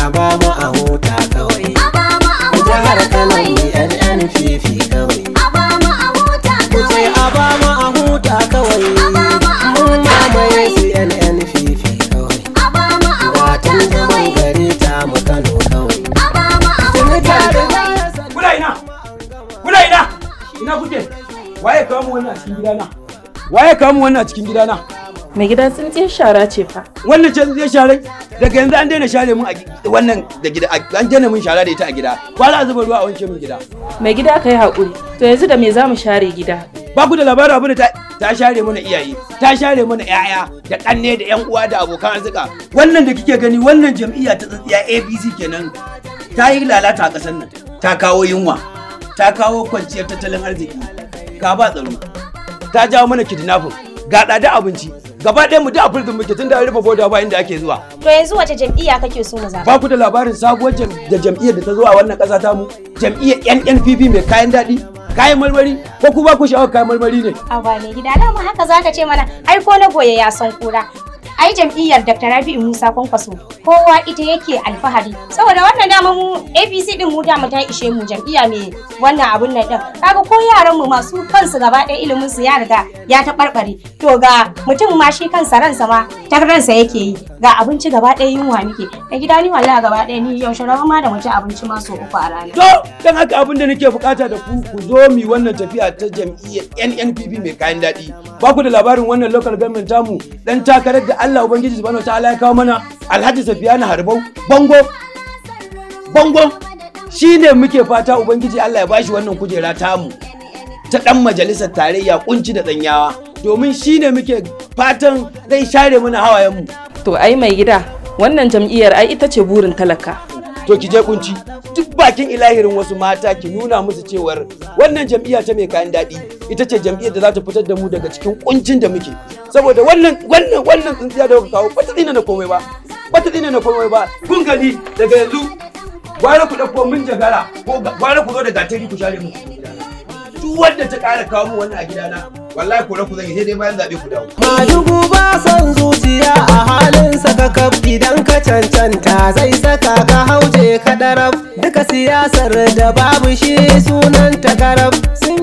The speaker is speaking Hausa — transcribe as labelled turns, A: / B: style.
A: a ba mu a huta kawai jihar kano ne nnpp kawai ku a ba kawai mun mamaye su nnpp kawai watan zaman gari ta mu kano kawai ina ina ina kuke waye kawo mu wannan a cikin gidana waye kawo mu wannan a cikin gidana Mai gida tsintsiyar shara ce fa. Wannan ce tsintsiyar sharan daga yanzu an daina share mun a wannan da gida an daina mun shara da ita a gida. za a zuba ruwa a wanke mun gida. Mai gida kai hakuri. To yanzu da me za mu share gida? Ba ku da labarin abin da ta share mana iyaye, ta share mana 'ya'ya da ƙanne da 'yan uwa da abokan arzika. Wannan da kike gani wannan jam'iyya ta tsintsiya ABC kenan ta yi lalata a ƙasar nan. Ta kawo yunwa, ta kawo kwanciyar tattalin arziki, ka ba tsaro, ta jawo mana kidnapping, ga da abinci, gaba ɗaya mu da abul da muke tun da rufe boda ba inda ake zuwa
B: to yanzu wace jam'iyya kake so mu zaɓa ba
A: ku da labarin sabuwar da jam'iyyar da ta zo a wannan ƙasa ta mu jam'iyyar NNPP mai kayan daɗi kayan marmari ko ku ba ku sha'awar kayan marmari ne
B: a ba ne gida dama haka zaka ce mana ai ko na goye ya san kura ai jam'iyyar Dr. Rabi'u Musa Kwankwaso kowa ita yake alfahari saboda wannan dama mu APC din mu dama ta ishe mu jam'iyya mai wannan abun nan din kaga ko yaran mu masu kansu gaba ɗaya ilimin su ya riga ya taɓarɓare to ga mutum ma shi kansa ransa ma ta ransa yake yi ga abinci gaba ɗaya yunwa nake a gida ni wallahi gaba ɗaya ni yaushe rawa ma da mace abinci ma so uku a rana to
A: dan haka abin da nake bukata da ku ku zo mi wannan tafiya ta jam'iyyar NNPP mai kayan daɗi ba ku da labarin wannan local government tamu dan takarar da Allah ubangiji subhanahu wa Ta'ala) ya kawo mana Alhaji Safiyana Harbau bango bango shine muke fata ubangiji Allah ya bashi wannan kujera tamu ta dan majalisar tarayya kunci da danyawa domin shine muke fatan zai share mana hawayenmu to ai mai gida wannan jam'iyyar ai ita ce burin talaka to ki je kunci duk bakin ilahirin wasu mata ki nuna musu cewar wannan jam'iyya ta mai kayan daɗi ita ce jam'iyyar da za ta fitar da mu daga cikin kuncin da muke saboda wannan wannan wannan tsintsiya da kuka kawo ba ta dina na komai ba ba ta dina na komai ba kun gani daga yanzu gwara ku dauko min jagara ko gwara ku zo da gatari ku share mu duk wanda ta ƙara kawo mu wannan a gidana wallahi kore ku zan yi sai dai bayan zaɓe ku dawo. Madugu ba san zuciya a
B: kadaraf duka siyasar da babu shi sunan takaraf sun